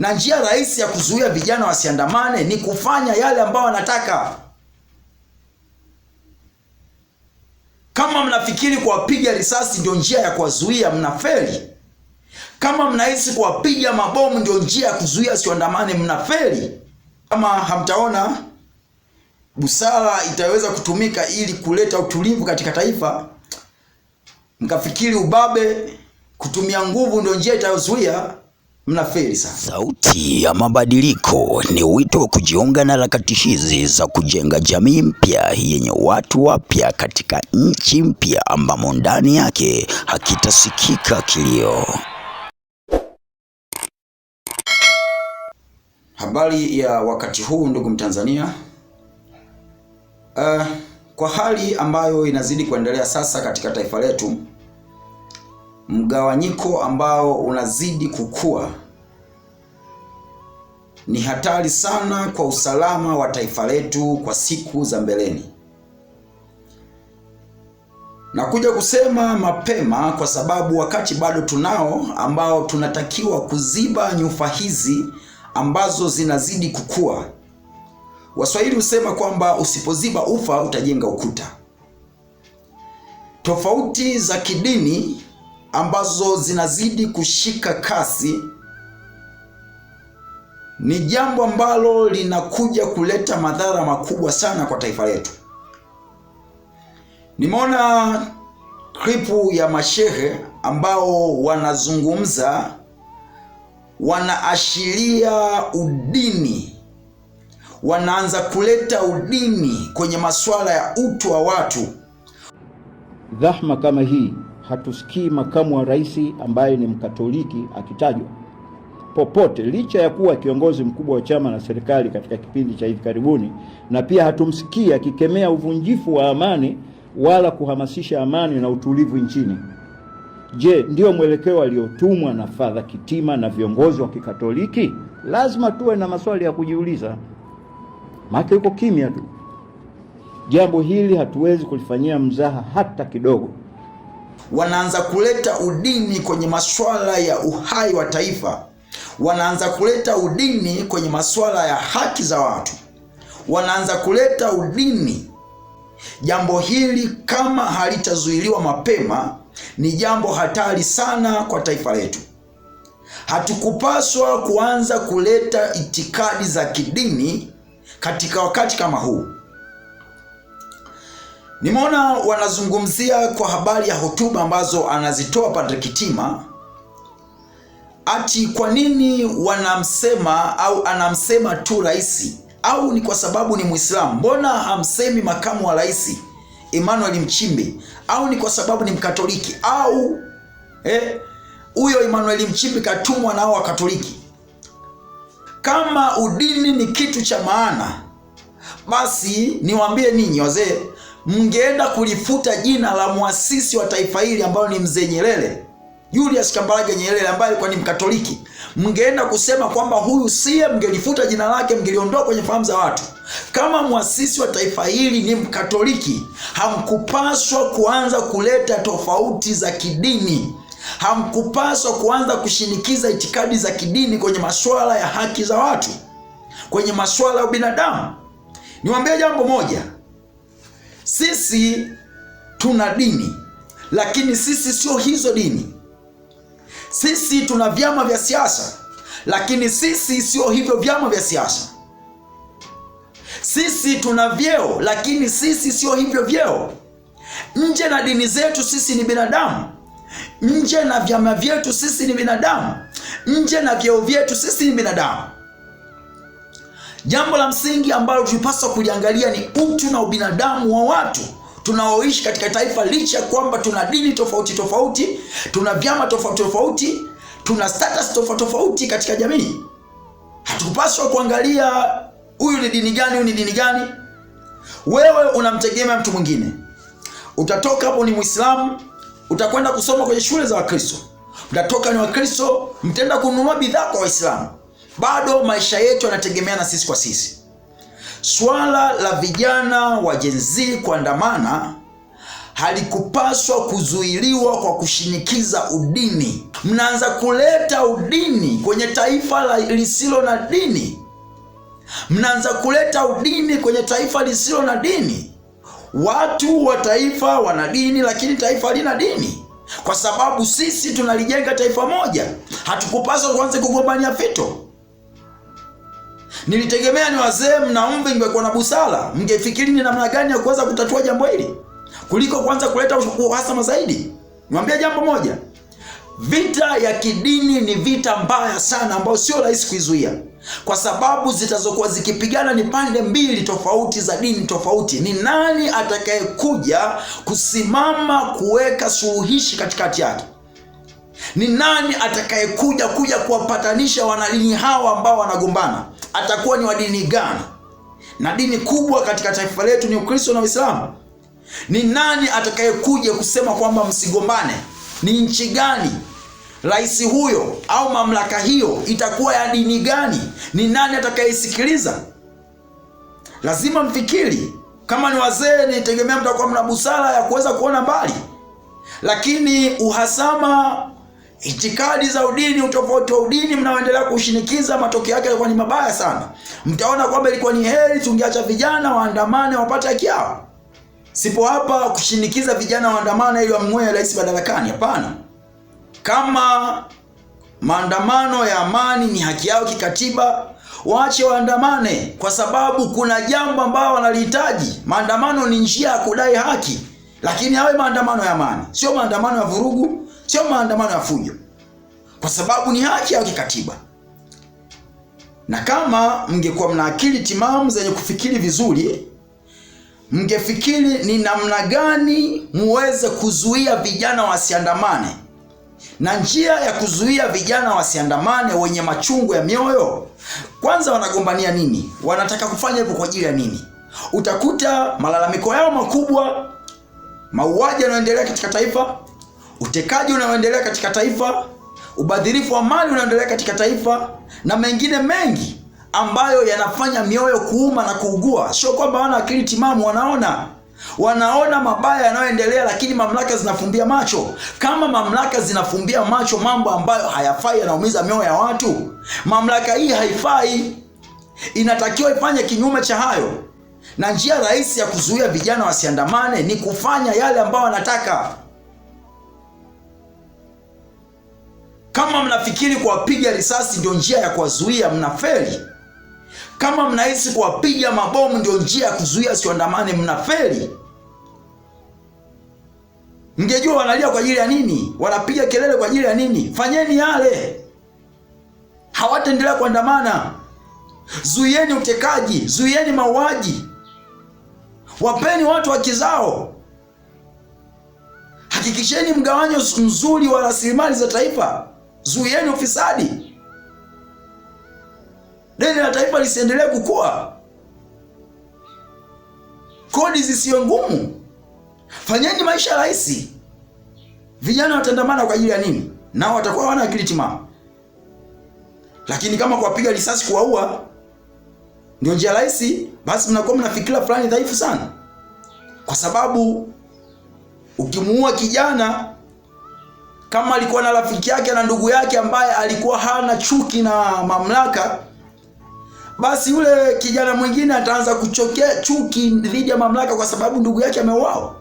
na njia rahisi ya kuzuia vijana wasiandamane ni kufanya yale ambayo wanataka. Kama mnafikiri kuwapiga risasi ndio njia ya kuwazuia, mnafeli. Kama mnahisi kuwapiga mabomu ndio njia ya kuzuia siandamane, mnafeli. Kama hamtaona busara itaweza kutumika ili kuleta utulivu katika taifa, mkafikiri ubabe, kutumia nguvu ndio njia itayozuia Mnafeli sana. Sauti ya Mabadiliko ni wito wa kujiunga na harakati hizi za kujenga jamii mpya yenye watu wapya katika nchi mpya ambamo ndani yake hakitasikika kilio. Habari ya wakati huu ndugu Mtanzania. Uh, kwa hali ambayo inazidi kuendelea sasa katika taifa letu mgawanyiko ambao unazidi kukua ni hatari sana kwa usalama wa taifa letu kwa siku za mbeleni. Nakuja kusema mapema kwa sababu wakati bado tunao ambao tunatakiwa kuziba nyufa hizi ambazo zinazidi kukua. Waswahili husema kwamba usipoziba ufa utajenga ukuta. Tofauti za kidini ambazo zinazidi kushika kasi ni jambo ambalo linakuja kuleta madhara makubwa sana kwa taifa letu. Nimeona klipu ya mashehe ambao wanazungumza, wanaashiria udini, wanaanza kuleta udini kwenye masuala ya utu wa watu. Dhahma kama hii hatusikii makamu wa rais ambaye ni Mkatoliki akitajwa popote, licha ya kuwa kiongozi mkubwa wa chama na serikali katika kipindi cha hivi karibuni, na pia hatumsikii akikemea uvunjifu wa amani wala kuhamasisha amani na utulivu nchini. Je, ndio mwelekeo aliotumwa na Fadha Kitima na viongozi wa Kikatoliki? Lazima tuwe na maswali ya kujiuliza, maana yuko kimya tu. Jambo hili hatuwezi kulifanyia mzaha hata kidogo wanaanza kuleta udini kwenye masuala ya uhai wa taifa, wanaanza kuleta udini kwenye masuala ya haki za watu, wanaanza kuleta udini. Jambo hili kama halitazuiliwa mapema, ni jambo hatari sana kwa taifa letu. Hatukupaswa kuanza kuleta itikadi za kidini katika wakati kama huu. Nimeona wanazungumzia kwa habari ya hotuba ambazo anazitoa Padre Kitima, ati kwa nini wanamsema au anamsema tu rais, au ni kwa sababu ni muislamu Mbona hamsemi makamu wa rais Emmanuel Mchimbe? Au ni kwa sababu ni Mkatoliki? Au eh, huyo eh, Emmanuel Mchimbe katumwa nao wa Katoliki? Kama udini ni kitu cha maana, basi niwaambie ninyi wazee mngeenda kulifuta jina la mwasisi wa taifa hili ambayo ni mzee Nyerere, Julius Kambarage Nyerere ambaye alikuwa ni Mkatoliki, mngeenda kusema kwamba huyu siye, mngelifuta jina lake, mngeliondoa kwenye fahamu za watu. Kama mwasisi wa taifa hili ni Mkatoliki, hamkupaswa kuanza kuleta tofauti za kidini hamkupaswa kuanza kushinikiza itikadi za kidini kwenye masuala ya haki za watu, kwenye masuala ya ubinadamu. Niwaambie jambo moja, sisi tuna dini, lakini sisi sio hizo dini. Sisi tuna vyama vya siasa, lakini sisi sio hivyo vyama vya siasa. Sisi tuna vyeo, lakini sisi sio hivyo vyeo. Nje na dini zetu, sisi ni binadamu. Nje na vyama vyetu, sisi ni binadamu. Nje na vyeo vyetu, sisi ni binadamu. Jambo la msingi ambalo tulipaswa kuliangalia ni utu na ubinadamu wa watu tunaoishi katika taifa, licha ya kwamba tuna dini tofauti tofauti, tuna vyama tofauti tofauti, tuna status tofauti tofauti katika jamii. hatupaswa kuangalia huyu ni dini gani, huyu ni dini gani. Wewe unamtegemea mtu mwingine, utatoka hapo ni Mwislamu, utakwenda kusoma kwenye shule za Wakristo, mtatoka ni Wakristo, mtaenda kununua bidhaa kwa Waislamu bado maisha yetu yanategemea na sisi kwa sisi. Swala la vijana wa Gen Z kuandamana halikupaswa kuzuiliwa kwa kushinikiza udini. Mnaanza kuleta udini kwenye taifa la lisilo na dini, mnaanza kuleta udini kwenye taifa lisilo na dini. Watu wa taifa wana dini, lakini taifa halina dini, kwa sababu sisi tunalijenga taifa moja. Hatukupaswa kuanza kugombania fito. Nilitegemea ni wazee mna umri, mngekuwa na busara, mngefikiri ni namna gani ya kuweza kutatua jambo hili kuliko kwanza kuleta uhasama zaidi. Niwaambia jambo moja, vita ya kidini ni vita mbaya sana, ambayo sio rahisi kuizuia, kwa sababu zitazokuwa zikipigana ni pande mbili tofauti za dini tofauti. Ni nani atakayekuja kusimama kuweka suluhishi katikati yake? Ni nani atakayekuja kuja kuwapatanisha wanadini hawa ambao wanagombana? atakuwa ni wa dini gani, na dini kubwa katika taifa letu ni Ukristo na Uislamu. Ni nani atakayekuja kusema kwamba msigombane? Ni nchi gani? Rais huyo au mamlaka hiyo itakuwa ya dini gani? Ni nani atakayesikiliza? Lazima mfikiri. Kama ni wazee, nitegemea mtakuwa mna busara ya kuweza kuona mbali, lakini uhasama itikadi za udini, utofauti wa udini mnaoendelea kushinikiza, matokeo yake yalikuwa ni mabaya sana. Mtaona kwamba ilikuwa ni heri tungeacha vijana waandamane wapate haki yao. Sipo hapa kushinikiza vijana waandamane ili wamng'oe rais madarakani, hapana. Kama maandamano ya amani ni haki yao kikatiba, waache waandamane, kwa sababu kuna jambo ambao wanalihitaji. Maandamano ni njia ya kudai haki, lakini awe maandamano ya amani, sio maandamano ya vurugu sio maandamano ya fujo, kwa sababu ni haki yao kikatiba. Na kama mngekuwa mna akili timamu zenye kufikiri vizuri, mngefikiri ni namna gani muweze kuzuia vijana wasiandamane, na njia ya kuzuia vijana wasiandamane wenye machungu ya mioyo, kwanza wanagombania nini? Wanataka kufanya hivyo kwa ajili ya nini? Utakuta malalamiko yao makubwa, mauaji yanayoendelea katika taifa utekaji unaoendelea katika taifa, ubadhirifu wa mali unaoendelea katika taifa na mengine mengi ambayo yanafanya mioyo kuuma na kuugua. Sio kwamba wana akili timamu, wanaona wanaona mabaya yanayoendelea, lakini mamlaka zinafumbia macho. Kama mamlaka zinafumbia macho mambo ambayo hayafai, yanaumiza mioyo ya watu, mamlaka hii haifai, inatakiwa ifanye kinyume cha hayo. Na njia rahisi ya kuzuia vijana wasiandamane ni kufanya yale ambayo wanataka. Kama mnafikiri kuwapiga risasi ndio njia ya kuwazuia, mnafeli. Kama mnahisi kuwapiga mabomu ndio njia ya kuzuia siwandamane, mnafeli. Mngejua wanalia kwa ajili ya nini, wanapiga kelele kwa ajili ya nini, fanyeni yale. Hawataendelea kuandamana. Zuieni utekaji, zuieni mauaji, wapeni watu haki zao. Hakikisheni mgawanyo mzuri wa rasilimali za taifa zuieni ufisadi, deni la taifa lisiendelee kukua, kodi zisiwe ngumu, fanyeni maisha rahisi. Vijana watandamana kwa ajili ya nini? Nao watakuwa wana akili timamu, lakini kama kuwapiga risasi, kuwaua ndio njia rahisi, basi mnakuwa mnafikira fulani dhaifu sana, kwa sababu ukimuua kijana kama alikuwa na rafiki yake na ndugu yake ambaye alikuwa hana chuki na mamlaka, basi yule kijana mwingine ataanza kuchokea chuki dhidi ya mamlaka kwa sababu ndugu yake ameuawa.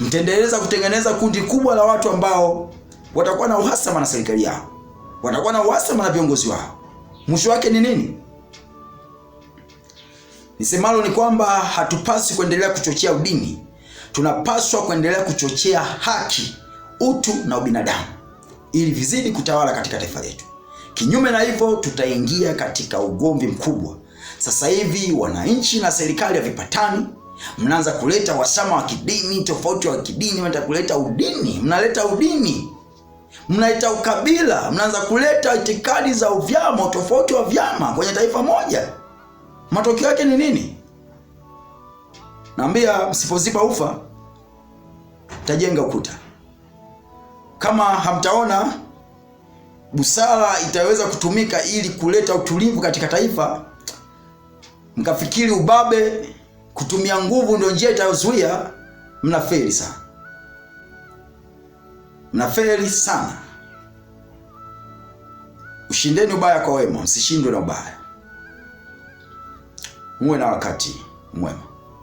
Mtaendeleza kutengeneza kundi kubwa la watu ambao watakuwa na uhasama na serikali yao, watakuwa na uhasama na viongozi wao. Mwisho wake ni nini? Nisemalo ni kwamba hatupaswi kuendelea kuchochea udini, tunapaswa kuendelea kuchochea haki utu na ubinadamu ili vizidi kutawala katika taifa letu. Kinyume na hivyo, tutaingia katika ugomvi mkubwa. Sasa hivi wananchi na serikali ya vipatani mnaanza kuleta wasama wa kidini, tofauti wa kidini, mnaanza kuleta udini, mnaleta udini, mnaleta ukabila, mnaanza kuleta itikadi za uvyama, tofauti wa vyama kwenye taifa moja. Matokeo yake ni nini? Naambia, msipoziba ufa tajenga ukuta. Kama hamtaona busara itaweza kutumika ili kuleta utulivu katika taifa, mkafikiri ubabe, kutumia nguvu ndio njia itayozuia, mnafeli sana, mnafeli sana. Ushindeni ubaya kwa wema, msishindwe na ubaya, muwe na wakati mwema.